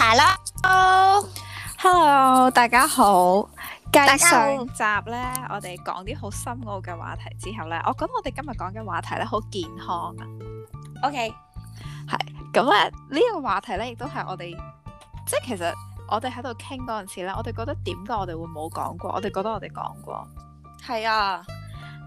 係啦 Hello，Hello，大家好。繼上集咧，我哋講啲好深奧嘅話題之後咧，我覺得我哋今日講嘅話題咧好健康啊。OK，係。咁咧呢個話題咧亦都係我哋，即係其實我哋喺度傾嗰陣時咧，我哋覺得點解我哋會冇講過？我哋覺得我哋講過。係 啊，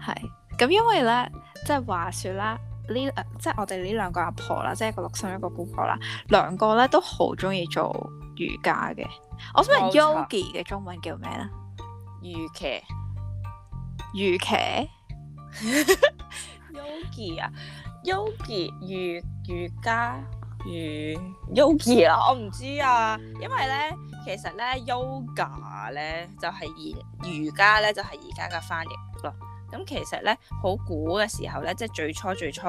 係。咁因為咧，即係話說啦。呢誒、啊，即係我哋呢兩個阿婆啦，即係一個六嬸，一個姑婆啦，兩個咧都好中意做瑜伽嘅。我想問 Yogi 嘅中文叫咩咧、啊？瑜伽，瑜伽，Yogi 啊，Yogi 瑜瑜伽，Yogi 啊，我唔知啊，因為咧，其實咧，Yoga 咧就係而瑜伽咧就係而家嘅翻譯咯。咁其實咧，好古嘅時候咧，即係最初最初，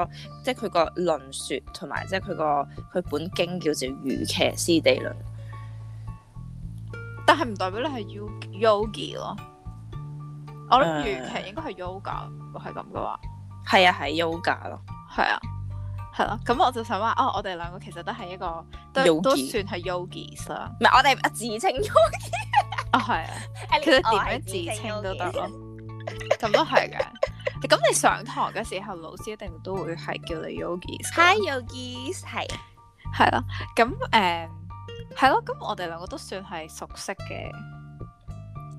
即係佢個論説同埋即係佢個佢本經叫做《瑜伽師地論》，但係唔代表你係 Yogi 咯。我諗瑜伽應該係 Yoga，係咁啩。係啊，係 Yoga 咯。係啊，係咯、啊。咁我就想話，哦，我哋兩個其實都係一個，都 Yogi 都算係 Yogis 啦。唔係，我哋自稱 Yogi。哦，係啊。佢點 And 樣自稱都得咯。咁都係嘅，咁你上堂嘅時候， 老師一定都會係叫你 yogis，Hi yogis，係，係咯，咁誒，係咯，咁、uh, 我哋兩個都算係熟悉嘅，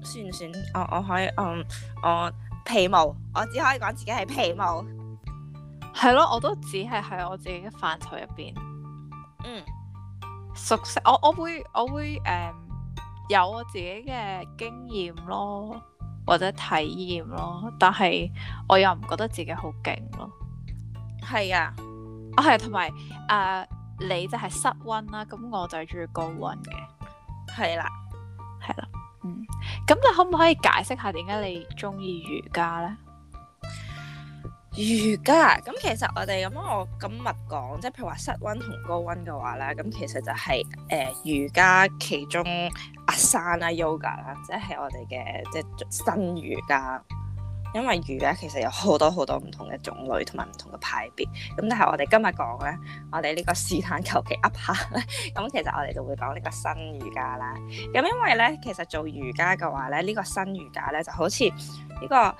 算唔算？我、uh, 我可以，我、um, 我皮毛，我只可以講自己係皮毛，係咯， 我都只係喺我自己嘅範疇入邊，嗯，熟悉，我我會我會誒，我會 um, 有我自己嘅經驗咯。或者體驗咯，但係我又唔覺得自己好勁咯。係的啊，啊係，同埋誒你就係室溫啦，咁我就係中意高溫嘅。係啦的，係啦，嗯。咁你可唔可以解釋下點解你中意瑜伽咧？瑜伽咁，其實我哋咁我今日講，即係譬如話室溫同高溫嘅話咧，咁其實就係、是、誒、呃、瑜伽其中阿 san 啦、yoga 啦，即係我哋嘅即係新瑜伽。因為瑜伽其實有好多好多唔同嘅種類同埋唔同嘅派別，咁但係我哋今日講咧，我哋呢個是但求其噏下，咁其實我哋就會講呢個新瑜伽啦。咁因為咧，其實做瑜伽嘅話咧，呢、這個新瑜伽咧就好似呢、這個。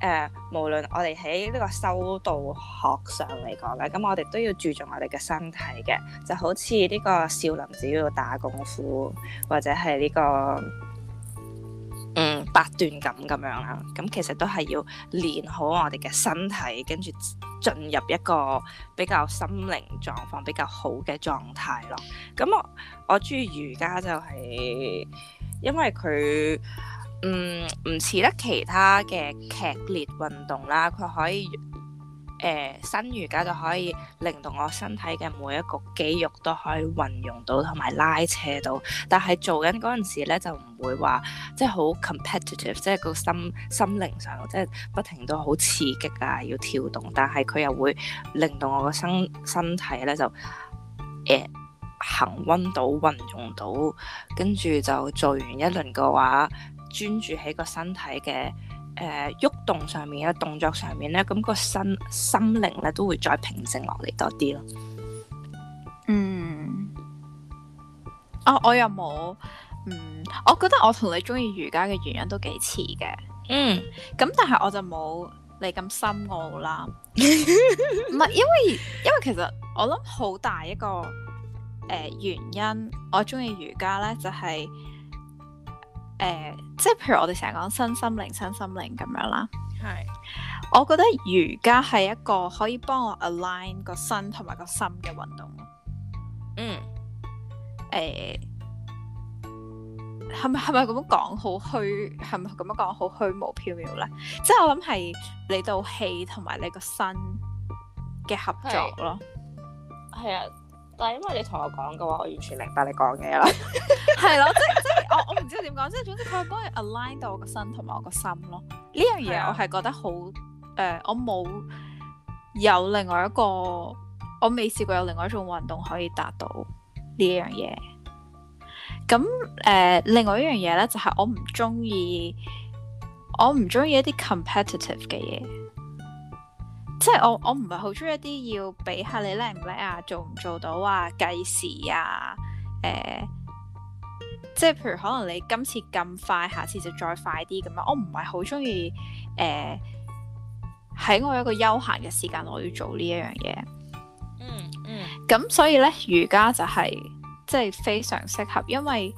誒、呃，無論我哋喺呢個修道學上嚟講咧，咁我哋都要注重我哋嘅身體嘅，就好似呢個少林寺要打功夫，或者係呢、呢個嗯八段錦咁樣啦。咁其實都係要練好我哋嘅身體，跟住進入一個比較心靈狀況比較好嘅狀態咯。咁我我鍾意瑜伽就係、係、因為佢。嗯，唔似得其他嘅劇烈運動啦。佢可以誒、呃、新瑜伽就可以令到我身體嘅每一個肌肉都可以運用到，同埋拉扯到。但係做緊嗰陣時咧，就唔會話即係好 competitive，即係個心心靈上即係不停都好刺激啊，要跳動。但係佢又會令到我個身身體咧就誒恆溫到運用到，跟住就做完一輪嘅話。專注喺個身體嘅誒，喐動上面嘅動作上面咧，咁個身心靈咧都會再平靜落嚟多啲咯。嗯，啊，我又冇，嗯，我覺得我同你中意瑜伽嘅原因都幾似嘅。嗯，咁但係我就冇你咁深奧啦。唔係， 因為因為其實我諗好大一個誒原因，我中意瑜伽咧就係。誒、呃，即係譬如我哋成日講身心靈、身心靈咁樣啦。係，我覺得瑜伽係一個可以幫我 align 個身同埋個心嘅運動。嗯。誒、呃，係咪係咪咁樣講好虛？係咪咁樣講好虛無縹緲咧？即係我諗係你到氣同埋你個身嘅合作咯。係啊。但因為你同我講嘅話，我完全明白你講嘢啦。係咯，即即我我唔知點講，即總之佢幫我 align 到我個身同埋我個心咯。呢樣嘢我係覺得好誒，我冇有另外一個，我未試過有另外一種運動可以達到呢樣嘢。咁誒，另外一樣嘢咧，就係我唔中意，我唔中意一啲 competitive 嘅嘢。即係我我唔係好中意一啲要比下你叻唔叻啊，做唔做到啊，計時啊，誒、呃，即係譬如可能你今次咁快，下次就再快啲咁樣，我唔係好中意誒，喺、呃、我一個休閒嘅時間我要做呢一樣嘢。嗯嗯。咁所以咧，瑜伽就係、是、即係非常適合，因為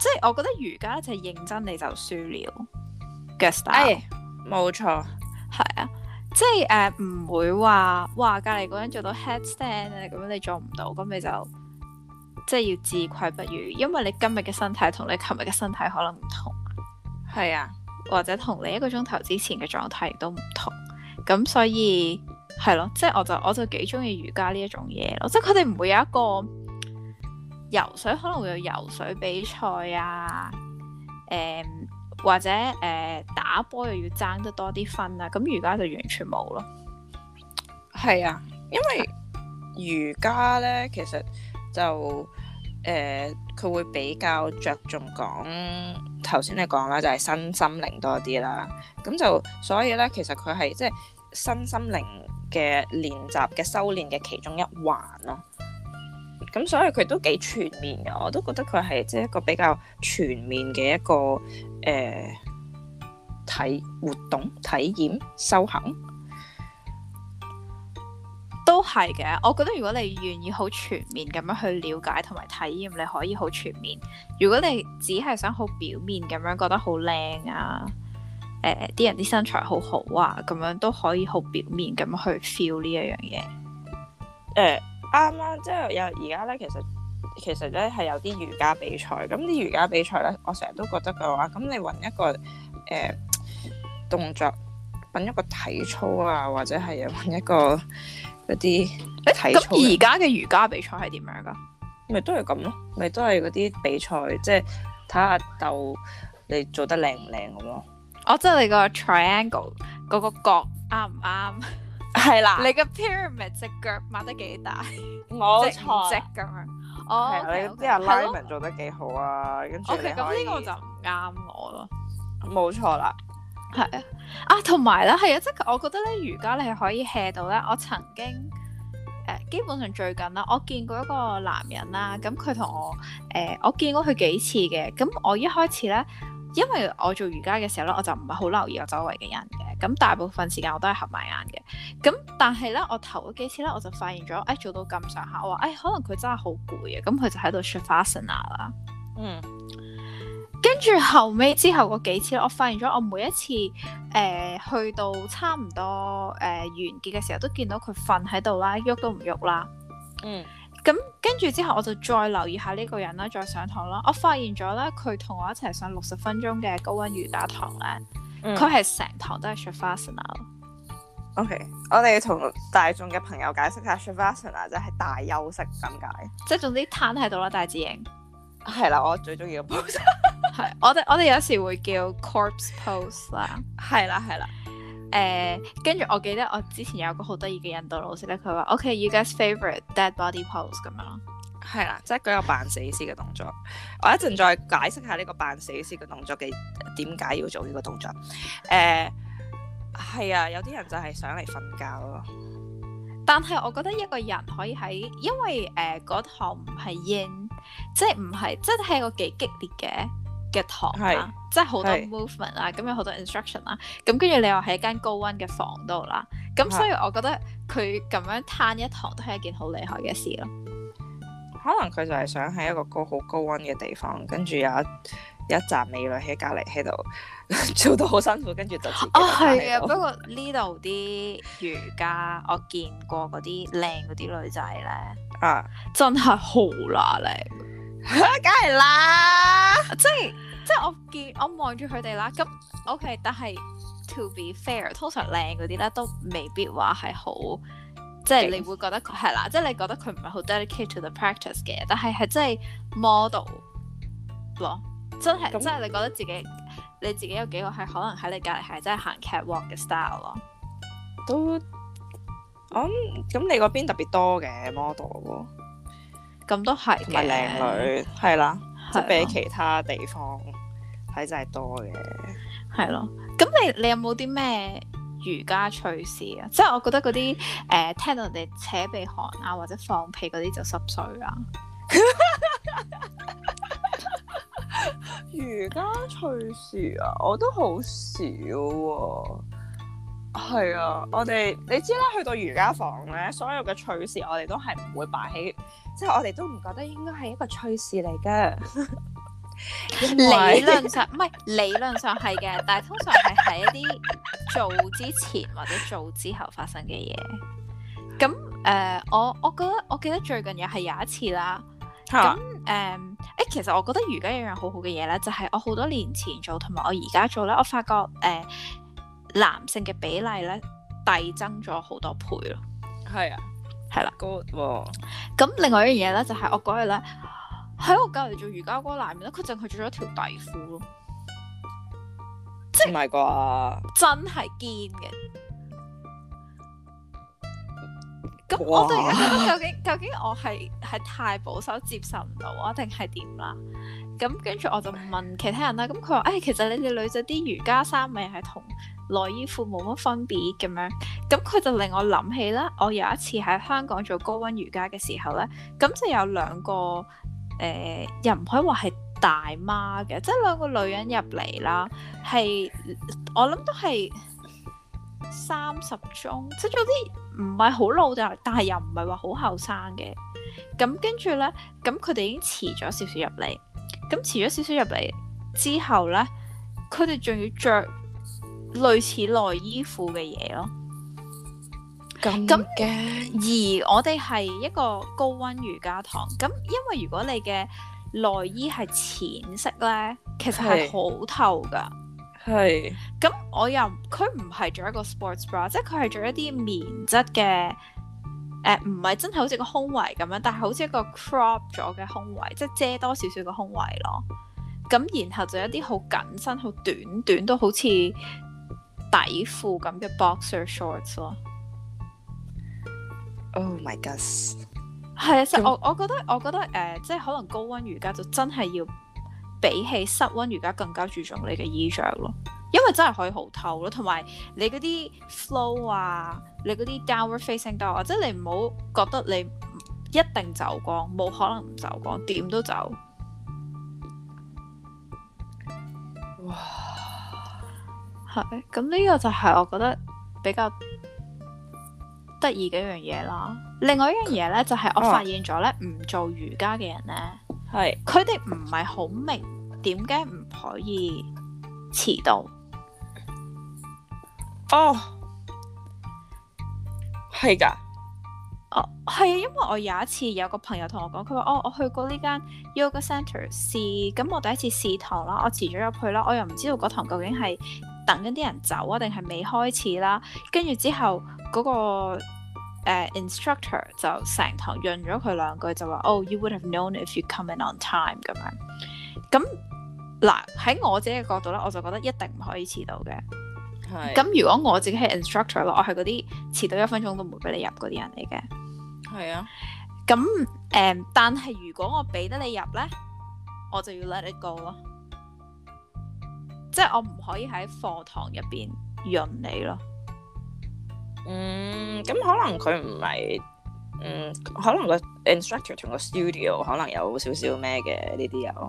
即係我覺得瑜伽就係認真你就輸了嘅風格，冇錯、哎。係啊，即係誒，唔、呃、會話哇，隔籬嗰人做到 headstand 啊，咁樣你做唔到，咁你就即係要自愧不如，因為你今日嘅身體同你琴日嘅身體可能唔同，係啊，或者同你一個鐘頭之前嘅狀態亦都唔同，咁所以係咯、啊，即係我就我就幾中意瑜伽呢一種嘢咯，即係佢哋唔會有一個游水可能會有游水比賽啊，誒、嗯。或者誒、呃、打波又要爭得多啲分啦、啊，咁瑜伽就完全冇咯。係啊，因為瑜伽咧，其實就誒佢、呃、會比較着重講頭先你講啦，就係身心靈多啲啦。咁就所以咧，其實佢係即係身心靈嘅練習嘅修練嘅其中一環咯。咁所以佢都幾全面嘅，我都覺得佢係即係一個比較全面嘅一個。誒、呃，體活動、體驗、修行都係嘅。我覺得如果你願意好全面咁樣去了解同埋體驗，你可以好全面。如果你只係想好表面咁樣覺得好靚啊，誒、呃，啲人啲身材好好啊，咁樣都可以好表面咁去 feel、呃就是、呢一樣嘢。誒，啱啱即係有而家咧，其實。其實咧係有啲瑜伽比賽，咁啲瑜伽比賽咧，我成日都覺得嘅話，咁你揾一個誒、呃、動作，揾一個體操啊，或者係揾一個嗰啲體操、欸。而家嘅瑜伽比賽係點樣噶？咪都係咁咯，咪都係嗰啲比賽，即係睇下鬥你做得靚唔靚咁咯。哦，即係你個 triangle 嗰個角啱唔啱？係啦，你個 pyramid 隻腳擘得幾大？我唔錯咁樣。哦，啊，你啲阿 Lin 做得幾好啊，跟住。OK，咁呢個就唔啱我咯。冇錯啦，係啊，啊同埋啦，係啊，即係我覺得咧，瑜伽你係可以 hea 到咧。我曾經誒、呃、基本上最近啦，我見過一個男人啦，咁佢同我誒、呃、我見過佢幾次嘅，咁我一開始咧。因為我做瑜伽嘅時候咧，我就唔係好留意我周圍嘅人嘅，咁大部分時間我都係合埋眼嘅，咁但係咧，我頭嗰幾次咧，我就發現咗，哎做到咁上下，我話，哎可能佢真係好攰呀，咁佢就喺度 shuffling 啦，嗯，跟住後尾之後嗰幾次咧，我發現咗我每一次，誒、呃、去到差唔多誒、呃、完結嘅時候，都見到佢瞓喺度啦，喐都唔喐啦，嗯。咁跟住之後，我就再留意下呢個人啦，再上堂啦。我發現咗啦，佢同我一齊上六十分鐘嘅高溫瑜伽堂咧，佢係成堂都係 Shavasana。O.K. 我哋要同大眾嘅朋友解釋下 Shavasana 即係大休息咁解。即係總之攤喺度啦，大字型。係啦，我最中意嘅 pose。我哋我哋有時會叫 corpse pose 啦。係 啦，係啦。誒，跟住、uh，我記得我之前有個好得意嘅印度老師咧，佢話：OK，you、okay, guys favourite dead body pose 咁樣咯。係啦， 即係嗰個扮死屍嘅動作。我一陣再解釋下呢個扮死屍嘅動作嘅點解要做呢個動作。誒，係啊，有啲人就係想嚟瞓覺咯 但係我覺得一個人可以喺，因為誒嗰、呃、堂唔係 Yin，即係唔係，即係個幾激烈嘅。嘅堂啦、啊，是即係好多 movement 啦、啊，咁是有好多 instruction 啦、啊，咁跟住你又喺間高溫嘅房度啦、啊，咁所以我覺得佢咁樣攤一堂都係一件好厲害嘅事咯。可能佢就係想喺一個高好高溫嘅地方，跟住有一有一羣美女喺隔離喺度做到好辛苦，跟住就哦係嘅。啊、 不過呢度啲瑜伽 我見過嗰啲靚嗰啲女仔咧，啊真係好乸靚。梗係 啦， 即係即係我見我望住佢哋啦，咁 OK，但係 to be fair，通常靚嗰啲咧都未必話係好，即係你會覺得佢係行啦，即係你覺得佢唔係好 dedicate to the practice 嘅，但係係真係 model 咯，真係、嗯、真係你覺得自己你自己有幾個係可能喺你隔籬係真係行 catwalk 嘅 style 咯，都，我諗，咁咁你嗰邊特別多嘅 model 喎。Mod 咁都係，嘅，同埋靚女，係啦的，即係比其他地方體質多嘅，係咯。咁你你有冇啲咩瑜伽趣事啊？即係、嗯、我覺得嗰啲誒聽到人哋扯鼻鼾啊，或者放屁嗰啲就濕碎啊！ 瑜伽趣事啊，我都好少喎、哦。係啊，我哋你知啦，去到瑜伽房咧，所有嘅趣事我哋都係唔會擺起，即、就、係、是、我哋都唔覺得應該係一個趣事嚟㗎 你。理論上唔係，理論上係嘅，但係通常係喺一啲做之前或者做之後發生嘅嘢。咁誒、呃，我我覺得我記得最近又係有一次啦。咁誒， 誒、呃，其實我覺得瑜伽一樣好好嘅嘢咧，就係、是、我好多年前做，同埋我而家做咧，我發覺誒。呃男性嘅比例咧，遞增咗好多倍咯。係啊，係啦 good Good .咁另外一樣嘢咧，就係、是、我嗰日咧喺我隔離做瑜伽嗰個男人，咧，佢淨係着咗一條底褲咯，即係唔係啩？Oh、my 真係堅嘅。咁哇我對而家究竟 究竟我係係太保守接受唔到啊，定係點啦？咁跟住我就問其他人啦。咁佢話：，哎，其實你哋女仔啲瑜伽衫咪係同。內衣褲冇乜分別咁樣，咁佢就令我諗起啦。我有一次喺香港做高温瑜伽嘅時候呢，咁就有兩個誒、呃，又唔可以話係大媽嘅，即係兩個女人入嚟啦。係我諗都係三十中，即係有啲唔係好老，但係又唔係話好後生嘅。咁跟住呢，咁佢哋已經遲咗少少入嚟，咁遲咗少少入嚟之後呢，佢哋仲要着。類似內衣褲嘅嘢咯，咁嘅。而我哋係一個高溫瑜伽堂，咁因為如果你嘅內衣係淺色咧，其實係好透㗎。係。咁我又佢唔係着一個 sports bra，即係佢係着一啲棉質嘅，誒唔係真係好似個胸圍咁樣，但係好似一個 crop 咗嘅胸圍，即係遮多少少個胸圍咯。咁然後就一啲好緊身、好短短都好似～底褲咁嘅 boxer shorts 咯，oh my god，係啊，即係我我覺得我覺得誒、呃，即係可能高溫瑜伽就真係要比起室溫瑜伽更加注重你嘅衣着咯，因為真係可以好透咯，同埋你嗰啲 flow 啊，你嗰啲 downward facing dog 啊，即係你唔好覺得你一定走光，冇可能唔走光，點都走。係咁，呢，嗯呢個就係我覺得比較得意嘅一樣嘢啦。另外一樣嘢咧，就係、是、我發現咗咧，唔做瑜伽嘅人咧，係佢哋唔係好明點解唔可以遲到。Oh. 哦，係噶，哦係，因為我有一次有個朋友同我講，佢話，哦，我去過呢間 yoga center 試，咁、嗯、我第一次試堂啦，我遲咗入去啦，我又唔知道嗰堂究竟係、嗯。是的 等緊啲人走啊，定係未開始啦？跟住之後嗰個誒 instructor 就成堂潤咗佢兩句就，就話：哦，you would have known if you come in on time 咁樣。咁嗱，喺我自己嘅角度咧，我就覺得一定唔可以遲到嘅。係。咁如果我自己係 instructor 咯，我係嗰啲遲到一分鐘都唔會俾你入嗰啲人嚟嘅。係啊。咁誒，但係如果我俾得你入咧，我就要 let it go 咯。即係我唔可以喺課堂入邊潤你咯。嗯，咁可能佢唔係，嗯，可能個 instructor 同個 studio 可能有少少咩嘅呢啲啊。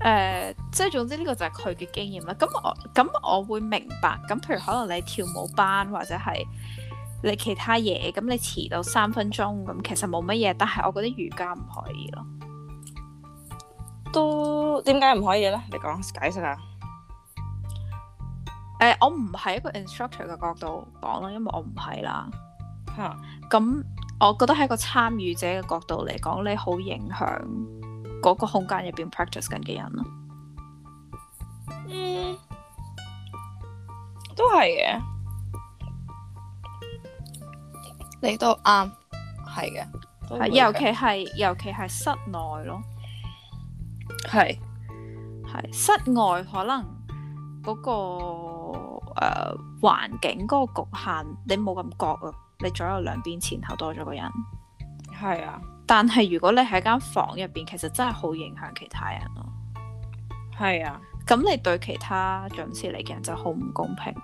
誒、呃，即係總之呢個就係佢嘅經驗啦。咁我咁我會明白。咁譬如可能你跳舞班或者係你其他嘢，咁你遲到三分鐘，咁其實冇乜嘢。但係我覺得瑜伽唔可以咯。都點解唔可以咧？你講，解釋下。誒，我唔係一個 instructor 嘅角度講咯，因為我唔係啦。嚇 Huh.！咁我覺得喺個參與者嘅角度嚟講，你好影響嗰個空間入邊 practice 緊嘅人咯。嗯，都係嘅。你都啱，係嘅。尤其係，尤其係室內咯。係是。係室外可能嗰個。誒、uh, 環境嗰局限，你冇咁覺啊！你左右兩邊前後多咗個人，係啊。但係如果你喺間房入邊，其實真係好影響其他人咯。係啊。咁你對其他準時嚟嘅人就好唔公平咯。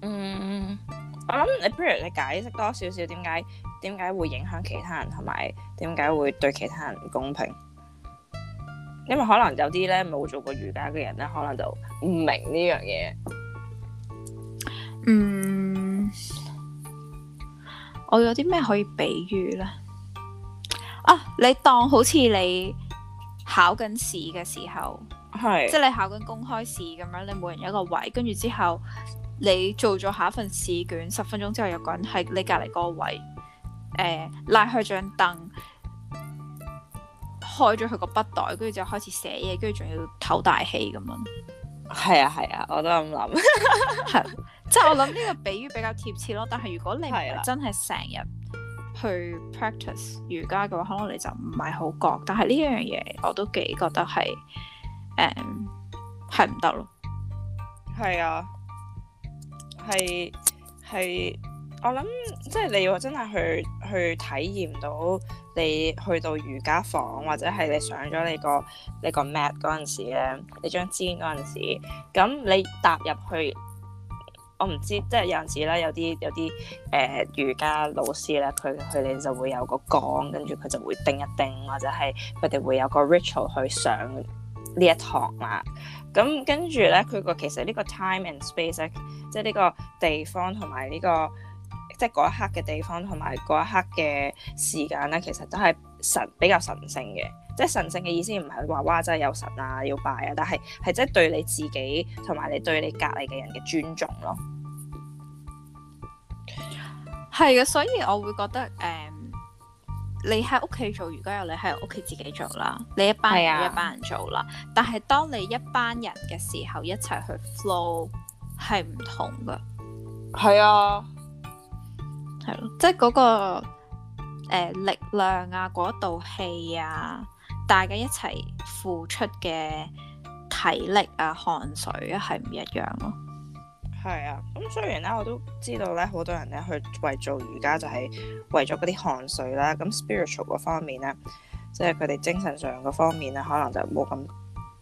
嗯，我諗你不如你解釋多少少點解點解會影響其他人，同埋點解會對其他人唔公平？因為可能有啲咧，冇做過瑜伽嘅人咧，可能就唔明呢樣嘢。嗯，我有啲咩可以比喻咧？啊，你當好似你考緊試嘅時候，係是，即係你考緊公開試咁樣，你每人一個位，跟住之後你做咗下一份試卷，十分鐘之後有個人喺你隔籬嗰個位，誒、呃，拉開張凳。開咗佢個筆袋，跟住就開始寫嘢，跟住仲要唞大氣咁樣。係啊係啊，我都咁諗。係，即係我諗呢個比喻比較貼切咯。但係如果你係真係成日去 practice 瑜伽嘅話，啊，可能你就唔係好覺。但係呢樣嘢我都幾覺得係，誒，係唔得咯。係啊，係係。我諗即係你要真係去去體驗到你去到瑜伽房或者係你上咗你個你個 mat 嗰陣時咧，你張磚嗰陣時，咁你踏入去，我唔知即係有陣時咧，有啲有啲誒、呃、瑜伽老師咧，佢佢哋就會有個 gong，跟住佢就會叮一叮，或者係佢哋會有個 ritual 去上呢一堂啦。咁跟住咧，佢個其實呢個 time and space 即係呢個地方同埋呢個。即係嗰一刻嘅地方同埋嗰一刻嘅時間咧，其實都係神比較神聖嘅。即係神聖嘅意思唔係話哇真係有神啊，要拜啊，但係係真係對你自己同埋你對你隔離嘅人嘅尊重咯。係啊，所以我會覺得誒、嗯，你喺屋企做瑜伽，又你喺屋企自己做啦，你一班人一班人做啦。的但係當你一班人嘅時候一齊去 flow 係唔同㗎。係啊。係咯，即係嗰、那個誒、呃、力量啊，嗰道氣啊，大家一齊付出嘅體力啊、汗水啊，係唔一樣咯。係啊，咁雖然咧，我都知道咧，好多人咧去為做瑜伽就係為咗嗰啲汗水啦，咁 spiritual 嗰方面咧，即係佢哋精神上嘅方面咧，可能就冇咁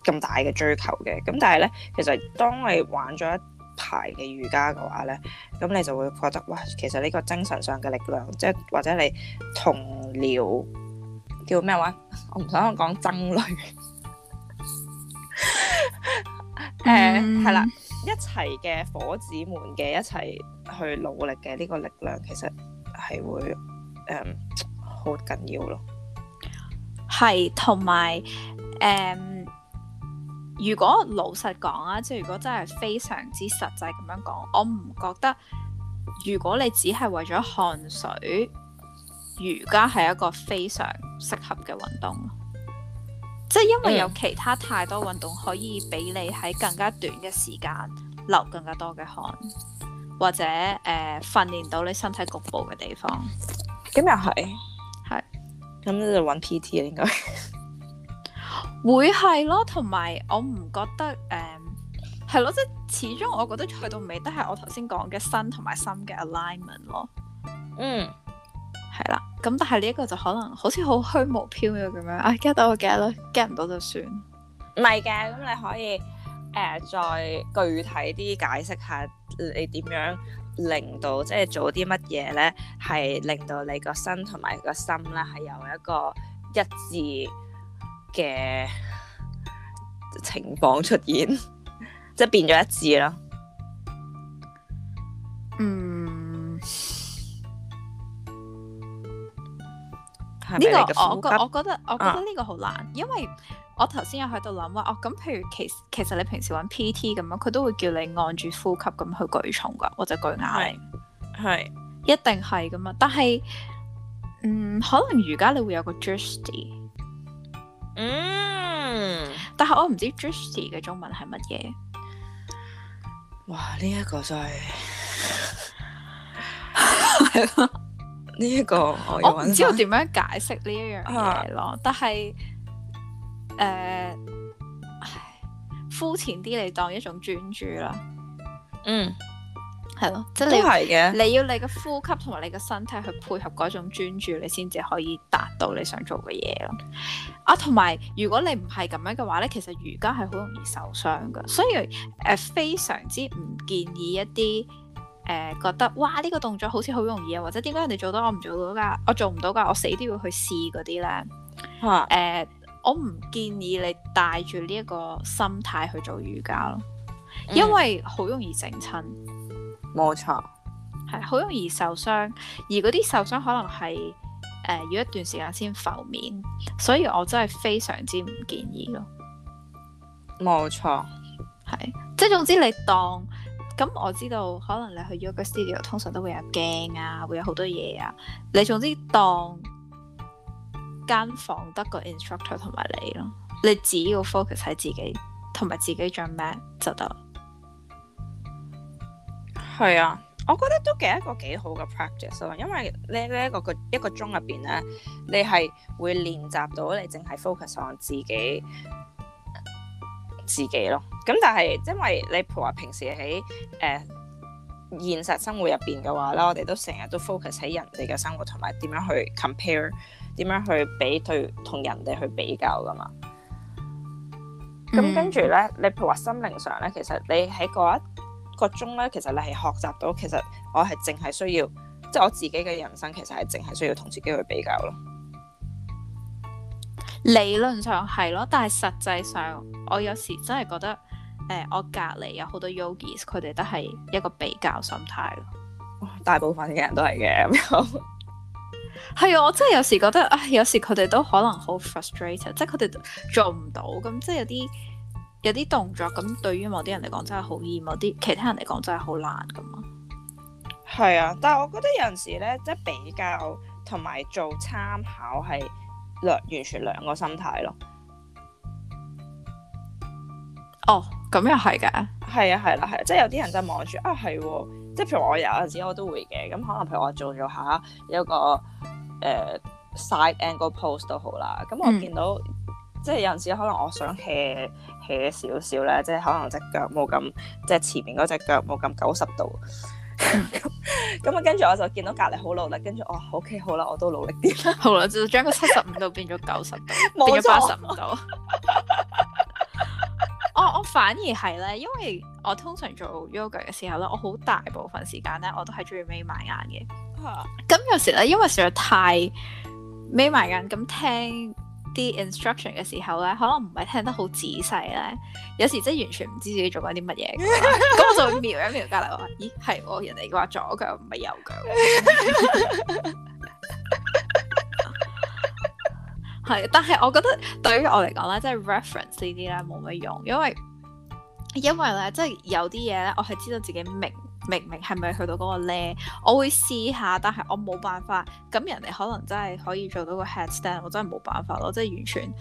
咁大嘅追求嘅。咁但係咧，其實當你玩咗一排嘅瑜伽嘅話咧，咁你就會覺得，哇，其實呢個精神上嘅力量，即係或者你同僚叫咩話？啊，我唔想講爭類。誒，係啦，一齊嘅伙子們嘅一齊去努力嘅呢個力量，其實係會誒好緊要咯。係，同埋誒。Um, 如果老實講啊，即係如果真係非常之實際咁樣講，我唔覺得如果你只係為咗汗水，瑜伽係一個非常適合嘅運動。即係因為有其他太多運動可以俾你喺更加短嘅時間流更加多嘅汗，或者誒、呃、訓練到你身體局部嘅地方。咁又係，係是。咁就搵 PT 啊，應該。 會係咯，同埋我唔覺得誒係、嗯、咯，即係始終我覺得去到尾都係我頭先講嘅身同埋心嘅 alignment 咯。嗯，係啦，咁但係呢一個就可能好似好虛無縹緲咁樣，get、啊、到就 get 咯，get 唔到就算。唔係嘅，咁你可以誒、呃、再具體啲解釋下你點樣令到即係、就是、做啲乜嘢咧，係令到你個身同埋個心咧係有一個一致。嘅情況出現， 即係變咗一致咯。嗯，呢不、呢個我我我覺得我覺得呢、啊、個好難，因為我頭先有喺度諗話哦，咁譬如其實其實你平時玩 PT 咁樣，佢都會叫你按住呼吸咁去舉重噶，或者舉啞鈴，係一定係噶嘛。但係嗯，可能而家你會有個 adjust 嗯，但係我唔知 Jushi 嘅中文係乜嘢。哇，呢、這、一個真、就、係、是，呢 一 個我要。我唔知道點樣解釋呢一樣嘢咯，啊、但係，誒、呃，膚淺啲嚟當一種專注啦。嗯。係咯、哦，真係嘅。你要你嘅呼吸同埋你嘅身體去配合嗰種專注，你先至可以達到你想做嘅嘢咯。啊，同埋如果你唔係咁樣嘅話咧，其實瑜伽係好容易受傷嘅，所以誒、呃、非常之唔建議一啲誒、呃、覺得哇呢、呢個動作好似好容易啊，或者點解人哋做到我唔做到㗎，我做唔到㗎，我死都要去試嗰啲咧。嚇誒、啊呃，我唔建議你帶住呢一個心態去做瑜伽咯，因為好容易整親。嗯冇錯，係好容易受傷，而嗰啲受傷可能係誒、呃、要一段時間先浮面，所以我真係非常之唔建議咯。冇錯錯，係即係總之你當咁我知道，可能你去 Yoga Studio 通常都會有鏡啊，會有好多嘢啊，你總之當間房得個 Instructor 同埋你咯，你只要 Focus 喺自己同埋自己做咩就得。係啊，我覺得都幾一個幾好嘅 practice 咯，因為呢咧一個個一個鐘入邊咧，你係會練習到你淨係 focus on 自己自己咯。咁但係因為你譬如話平時喺誒、呃、現實生活入邊嘅話咧，我哋都成日都 focus 喺人哋嘅生活同埋點樣去 compare，點樣去比對同人哋去比較㗎嘛。咁跟住咧，你譬如話心靈上咧，其實你喺嗰一個中咧，其實你係學習到，其實我係淨係需要，即係我自己嘅人生，其實係淨係需要同自己去比較咯。理論上係咯，但係實際上我有時真係覺得，誒、呃，我隔籬有好多 y o g i 佢哋都係一個比較心態咯。 大部分嘅人都係嘅咁樣。係 啊，我真係有時覺得，唉、哎，有時佢哋都可能好 frustrated，即係佢哋做唔到，咁即係有啲。有啲動作咁，對於某啲人嚟講真係好易，某啲其他人嚟講真係好難噶嘛。係啊，但係我覺得有陣時咧，即係比較同埋做參考係兩完全兩個心態咯。哦，咁又係嘅。係啊，係啦、啊，係、啊啊啊啊，即係有啲人就望住啊，係喎，即係譬如我有陣時我都會嘅，咁可能譬如我做咗下有個誒、呃、side angle pose 都好啦，咁我見到、嗯。即係有陣時可能我想 hea hea 少少咧，即係可能隻腳冇咁，即係前面嗰隻腳冇咁九十度。咁 啊、嗯，跟住我就見到隔籬好努力，跟住哦，OK 好啦，我都努力啲啦。好啦，就將個七十五度變咗九十度， 錯變咗八十五度。 我我反而係咧，因為我通常做 yoga 嘅時候咧，我好大部分時間咧我都係鍾意眯埋眼嘅。咁 有時咧，因為實在太眯埋眼咁聽啲 instruction 嘅時候咧，可能唔係聽得好仔細咧，有時真係完全唔知自己做緊啲乜嘢。咁我就會瞄一瞄隔離，話：咦，係喎，人哋話左腳唔係右腳。係， 但係我覺得對於我嚟講咧，即係 reference 呢啲咧冇乜用，因為因為咧，即係有啲嘢咧，我係知道自己明。明明係咪去到嗰個咧？我會試下，但係我冇辦法。咁人哋可能真係可以做到個 headstand，我真係冇辦法咯，即係完全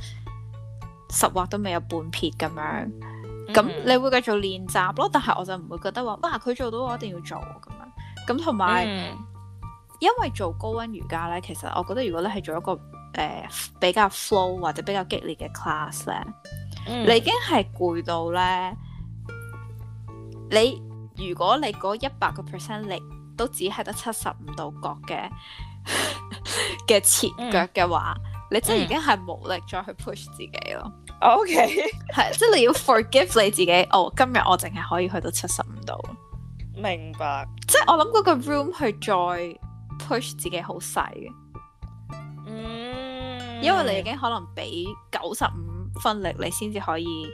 十劃都未有半撇咁樣。咁、mm hmm. 你會繼續練習咯，但係我就唔會覺得話哇佢做到我一定要做咁樣。咁同埋因為做高溫瑜伽咧，其實我覺得如果你係做一個誒、呃、比較 flow 或者比較激烈嘅 class 咧，mm hmm. 你已經係攰到咧你。如果你嗰一百個 percent 力都只係得七十五度角嘅嘅 前腳嘅話，mm. 你真係已經係無力再去 push 自己咯。OK，係即係你要 forgive 你自己。哦、oh，今日我淨係可以去到七十五度。明白，即係我諗嗰個 room 去再 push 自己好細嘅。嗯，mm. 因為你已經可能俾九十五分力，你先至可以誒。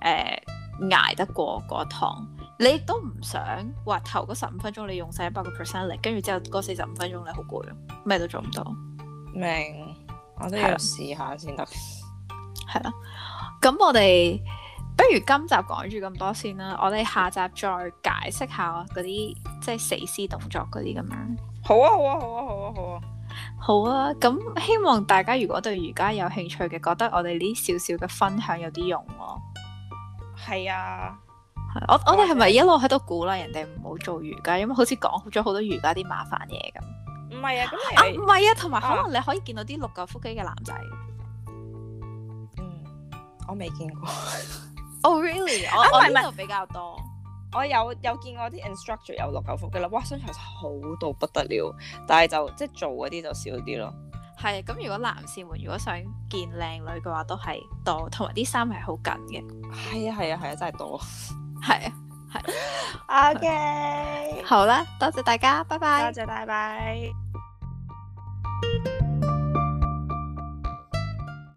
呃捱得過嗰趟，你都唔想話頭嗰十五分鐘，你用晒一百個 percent 嚟，跟住之後嗰四十五分鐘你好攰咯，咩都做唔到。明，我都要試下先得。係啦，咁我哋不如今集講住咁多先啦，我哋下集再解釋下嗰啲即係死屍動作嗰啲咁樣。好啊，好啊，好啊，好啊，好啊，好啊。咁希望大家如果對瑜伽有興趣嘅，覺得我哋呢少少嘅分享有啲用喎、啊。係啊，我我哋係咪一路喺度鼓勵人哋唔好做瑜伽？因為好似講咗好多瑜伽啲麻煩嘢咁。唔係啊，咁啊唔係啊，同埋、啊、可能、啊、你可以見到啲六嚿腹肌嘅男仔。嗯，我未見過。哦、 oh, really？我、 啊、我呢度比較多。唔係唔係我有有見過啲 instructor 有六嚿腹肌啦，哇，身材好到不得了，但係就即係、就係、做嗰啲就少啲咯。係，咁如果男士們，如果想見靚女嘅話，都係多，同埋啲衫係好緊嘅。係 啊，係啊，係啊，真係多。係 啊，係、啊。OK。好啦，多謝大家，拜拜。多謝，拜拜。